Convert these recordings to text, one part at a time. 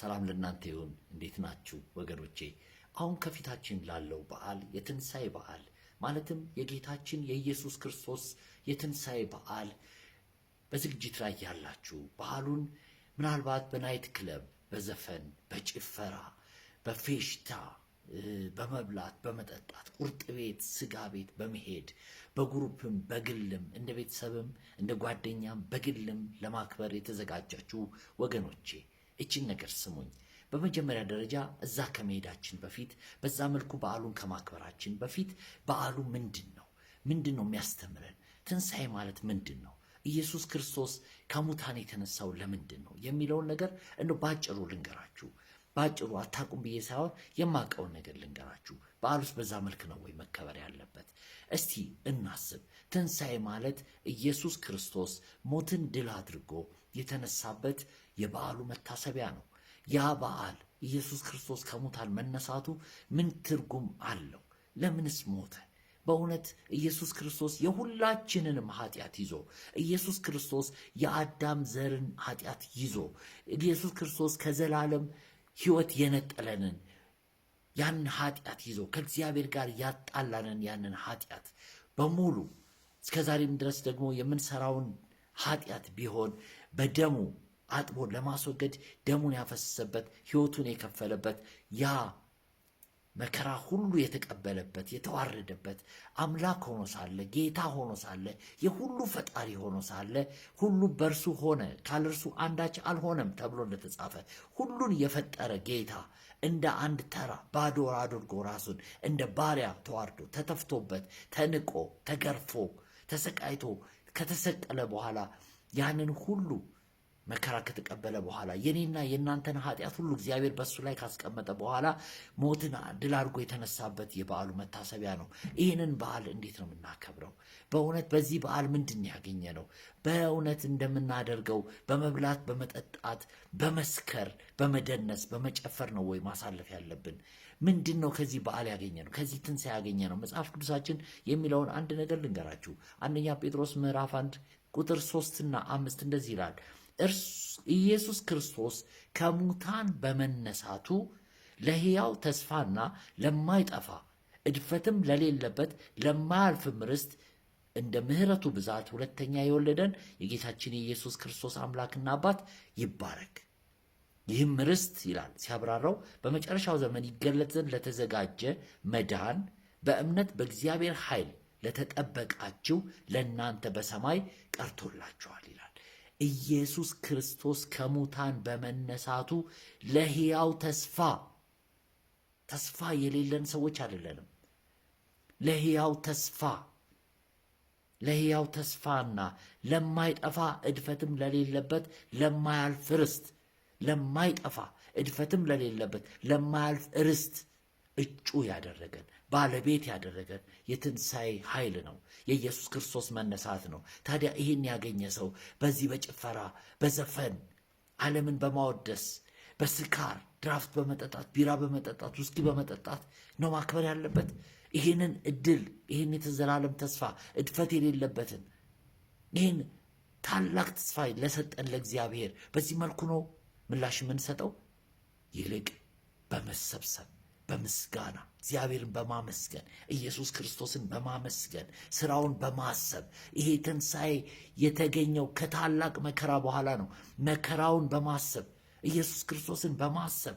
ሰላም ለእናንተ ይሁን። እንዴት ናችሁ ወገኖቼ? አሁን ከፊታችን ላለው በዓል የትንሣኤ በዓል ማለትም የጌታችን የኢየሱስ ክርስቶስ የትንሣኤ በዓል በዝግጅት ላይ ያላችሁ በዓሉን ምናልባት በናይት ክለብ፣ በዘፈን፣ በጭፈራ፣ በፌሽታ፣ በመብላት፣ በመጠጣት ቁርጥ ቤት፣ ስጋ ቤት በመሄድ በጉሩፕም በግልም እንደ ቤተሰብም እንደ ጓደኛም በግልም ለማክበር የተዘጋጃችሁ ወገኖቼ እችን ነገር ስሙኝ። በመጀመሪያ ደረጃ እዛ ከመሄዳችን በፊት በዛ መልኩ በዓሉን ከማክበራችን በፊት በዓሉ ምንድን ነው? ምንድን ነው የሚያስተምረን? ትንሣኤ ማለት ምንድን ነው? ኢየሱስ ክርስቶስ ከሙታን የተነሳው ለምንድን ነው የሚለውን ነገር እንደ ባጭሩ ልንገራችሁ። ባጭሩ አታቁም ብዬ ሳይሆን የማውቀውን ነገር ልንገራችሁ። ውስጥ በዛ መልክ ነው ወይ መከበር ያለበት? እስቲ እናስብ። ትንሣኤ ማለት ኢየሱስ ክርስቶስ ሞትን ድል አድርጎ የተነሳበት የበዓሉ መታሰቢያ ነው። ያ በዓል ኢየሱስ ክርስቶስ ከሙታን መነሳቱ ምን ትርጉም አለው? ለምንስ ሞተ? በእውነት ኢየሱስ ክርስቶስ የሁላችንንም ኃጢአት ይዞ ኢየሱስ ክርስቶስ የአዳም ዘርን ኃጢአት ይዞ ኢየሱስ ክርስቶስ ከዘላለም ሕይወት የነጠለንን ያንን ኃጢአት ይዞ ከእግዚአብሔር ጋር ያጣላንን ያንን ኃጢአት በሙሉ እስከ ዛሬም ድረስ ደግሞ የምንሰራውን ኃጢአት ቢሆን በደሙ አጥቦ ለማስወገድ ደሙን ያፈሰሰበት ሕይወቱን የከፈለበት ያ መከራ ሁሉ የተቀበለበት የተዋረደበት አምላክ ሆኖ ሳለ ጌታ ሆኖ ሳለ የሁሉ ፈጣሪ ሆኖ ሳለ ሁሉ በእርሱ ሆነ ካለ እርሱ አንዳች አልሆነም ተብሎ እንደተጻፈ ሁሉን የፈጠረ ጌታ እንደ አንድ ተራ ባዶ አድርጎ ራሱን እንደ ባሪያ ተዋርዶ ተተፍቶበት ተንቆ ተገርፎ ተሰቃይቶ ከተሰቀለ በኋላ ያንን ሁሉ መከራ ከተቀበለ በኋላ የኔና የእናንተን ኃጢአት ሁሉ እግዚአብሔር በእሱ ላይ ካስቀመጠ በኋላ ሞትን ድል አድርጎ የተነሳበት የበዓሉ መታሰቢያ ነው። ይህንን በዓል እንዴት ነው የምናከብረው? በእውነት በዚህ በዓል ምንድን ያገኘ ነው? በእውነት እንደምናደርገው በመብላት በመጠጣት፣ በመስከር፣ በመደነስ፣ በመጨፈር ነው ወይ ማሳለፍ ያለብን? ምንድን ነው ከዚህ በዓል ያገኘ ነው? ከዚህ ትንሣኤ ያገኘ ነው? መጽሐፍ ቅዱሳችን የሚለውን አንድ ነገር ልንገራችሁ። አንደኛ ጴጥሮስ ምዕራፍ አንድ ቁጥር ሶስትና አምስት እንደዚህ ይላል ኢየሱስ ክርስቶስ ከሙታን በመነሳቱ ለሕያው ተስፋና ለማይጠፋ እድፈትም ለሌለበት ለማያልፍም ርስት እንደ ምሕረቱ ብዛት ሁለተኛ የወለደን የጌታችን የኢየሱስ ክርስቶስ አምላክና አባት ይባረክ። ይህም ርስት ይላል ሲያብራራው በመጨረሻው ዘመን ይገለጥ ዘንድ ለተዘጋጀ መዳን በእምነት በእግዚአብሔር ኃይል ለተጠበቃችሁ ለእናንተ በሰማይ ቀርቶላችኋል ይላል። ኢየሱስ ክርስቶስ ከሙታን በመነሳቱ ለሕያው ተስፋ ተስፋ የሌለን ሰዎች አይደለንም። ለሕያው ተስፋ ለሕያው ተስፋና ለማይጠፋ እድፈትም ለሌለበት ለማያልፍ ርስት ለማይጠፋ እድፈትም ለሌለበት ለማያልፍ ርስት እጩ ያደረገን ባለቤት ያደረገን የትንሣኤ ኃይል ነው፣ የኢየሱስ ክርስቶስ መነሳት ነው። ታዲያ ይህን ያገኘ ሰው በዚህ በጭፈራ በዘፈን ዓለምን በማወደስ በስካር ድራፍት በመጠጣት ቢራ በመጠጣት ውስኪ በመጠጣት ነው ማክበር ያለበት። ይህንን እድል ይህን የተዘላለም ተስፋ እድፈት የሌለበትን ይህን ታላቅ ተስፋ ለሰጠን ለእግዚአብሔር በዚህ መልኩ ነው ምላሽ የምንሰጠው ይልቅ በመሰብሰብ በምስጋና እግዚአብሔርን በማመስገን ኢየሱስ ክርስቶስን በማመስገን ስራውን በማሰብ ይሄ ትንሣኤ የተገኘው ከታላቅ መከራ በኋላ ነው። መከራውን በማሰብ ኢየሱስ ክርስቶስን በማሰብ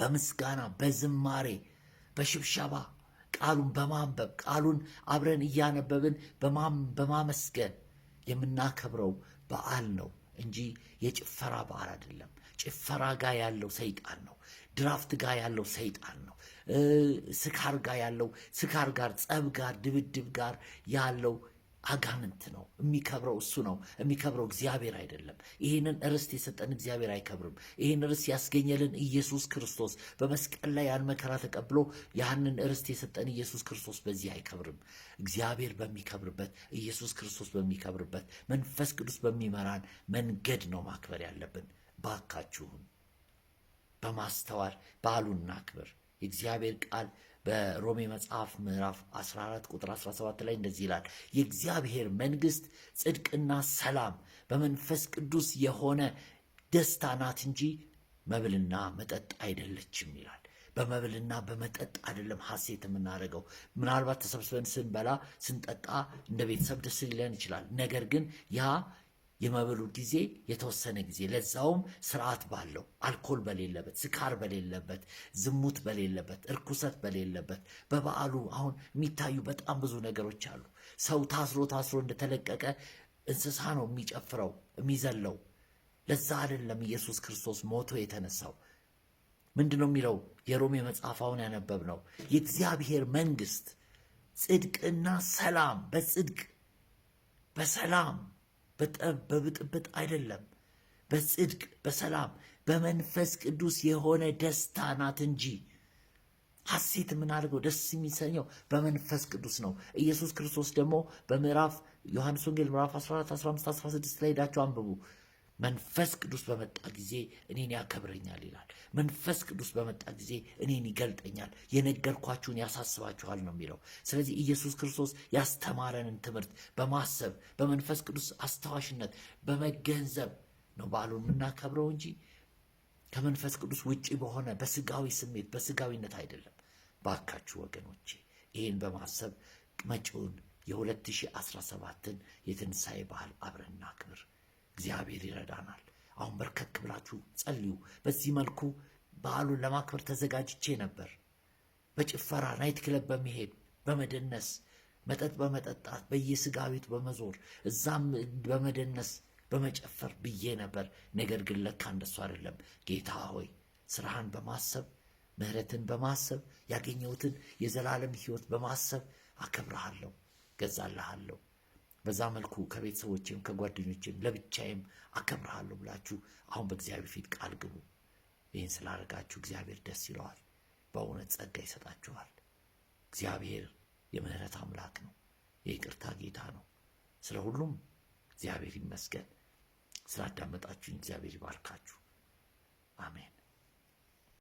በምስጋና በዝማሬ በሽብሸባ ቃሉን በማንበብ ቃሉን አብረን እያነበብን በማመስገን የምናከብረው በዓል ነው እንጂ የጭፈራ በዓል አይደለም። ጭፈራ ጋር ያለው ሰይጣን ነው። ድራፍት ጋር ያለው ሰይጣን ነው። ስካር ጋር ያለው ስካር ጋር ጸብ ጋር ድብድብ ጋር ያለው አጋንንት ነው። የሚከብረው እሱ ነው። የሚከብረው እግዚአብሔር አይደለም። ይህንን ርስት የሰጠን እግዚአብሔር አይከብርም። ይህን ርስት ያስገኘልን ኢየሱስ ክርስቶስ በመስቀል ላይ ያን መከራ ተቀብሎ ያንን ርስት የሰጠን ኢየሱስ ክርስቶስ በዚህ አይከብርም። እግዚአብሔር በሚከብርበት፣ ኢየሱስ ክርስቶስ በሚከብርበት፣ መንፈስ ቅዱስ በሚመራን መንገድ ነው ማክበር ያለብን። ባካችሁን በማስተዋል በዓሉን እናክብር። የእግዚአብሔር ቃል በሮሜ መጽሐፍ ምዕራፍ 14 ቁጥር 17 ላይ እንደዚህ ይላል፣ የእግዚአብሔር መንግሥት ጽድቅና ሰላም በመንፈስ ቅዱስ የሆነ ደስታ ናት እንጂ መብልና መጠጥ አይደለችም ይላል። በመብልና በመጠጥ አይደለም ሐሴት የምናደርገው። ምናልባት ተሰብስበን ስንበላ ስንጠጣ እንደ ቤተሰብ ደስ ሊለን ይችላል። ነገር ግን ያ የመብሉ ጊዜ የተወሰነ ጊዜ ለዛውም ስርዓት ባለው አልኮል በሌለበት፣ ስካር በሌለበት፣ ዝሙት በሌለበት፣ እርኩሰት በሌለበት በበዓሉ አሁን የሚታዩ በጣም ብዙ ነገሮች አሉ። ሰው ታስሮ ታስሮ እንደተለቀቀ እንስሳ ነው የሚጨፍረው የሚዘለው። ለዛ አይደለም ኢየሱስ ክርስቶስ ሞቶ የተነሳው። ምንድን ነው የሚለው? የሮሜ መጽሐፋውን ያነበብ ነው የእግዚአብሔር መንግስት ጽድቅና ሰላም በጽድቅ በሰላም በጠብ በብጥብጥ አይደለም፣ በጽድቅ በሰላም በመንፈስ ቅዱስ የሆነ ደስታ ናት እንጂ። ሐሴት የምናደርገው ደስ የሚሰኘው በመንፈስ ቅዱስ ነው። ኢየሱስ ክርስቶስ ደግሞ በምዕራፍ ዮሐንስ ወንጌል ምዕራፍ 14፣ 15፣ 16 ላይ ሄዳችሁ አንብቡ። መንፈስ ቅዱስ በመጣ ጊዜ እኔን ያከብረኛል ይላል። መንፈስ ቅዱስ በመጣ ጊዜ እኔን ይገልጠኛል፣ የነገርኳችሁን ያሳስባችኋል ነው የሚለው። ስለዚህ ኢየሱስ ክርስቶስ ያስተማረንን ትምህርት በማሰብ በመንፈስ ቅዱስ አስታዋሽነት በመገንዘብ ነው በዓሉን የምናከብረው እንጂ ከመንፈስ ቅዱስ ውጪ በሆነ በስጋዊ ስሜት በስጋዊነት አይደለም። ባካችሁ ወገኖቼ ይህን በማሰብ መጪውን የ2017ን የትንሣኤ በዓል አብረን እናክብር። እግዚአብሔር ይረዳናል። አሁን በርከክ ብላችሁ ጸልዩ። በዚህ መልኩ በዓሉን ለማክበር ተዘጋጅቼ ነበር። በጭፈራ ናይት ክለብ በመሄድ በመደነስ መጠጥ በመጠጣት በየስጋ ቤቱ በመዞር እዛም በመደነስ በመጨፈር ብዬ ነበር። ነገር ግን ለካ እንደሱ አይደለም። ጌታ ሆይ ስራህን በማሰብ ምሕረትን በማሰብ ያገኘሁትን የዘላለም ሕይወት በማሰብ አከብረሃለሁ፣ ገዛልሃለሁ። በዛ መልኩ ከቤተሰቦችም ከጓደኞችም ለብቻዬም አከብርሃለሁ ብላችሁ አሁን በእግዚአብሔር ፊት ቃል ግቡ። ይህን ስላደረጋችሁ እግዚአብሔር ደስ ይለዋል። በእውነት ጸጋ ይሰጣችኋል። እግዚአብሔር የምህረት አምላክ ነው፣ የይቅርታ ጌታ ነው። ስለ ሁሉም እግዚአብሔር ይመስገን። ስላዳመጣችሁኝ እግዚአብሔር ይባርካችሁ። አሜን።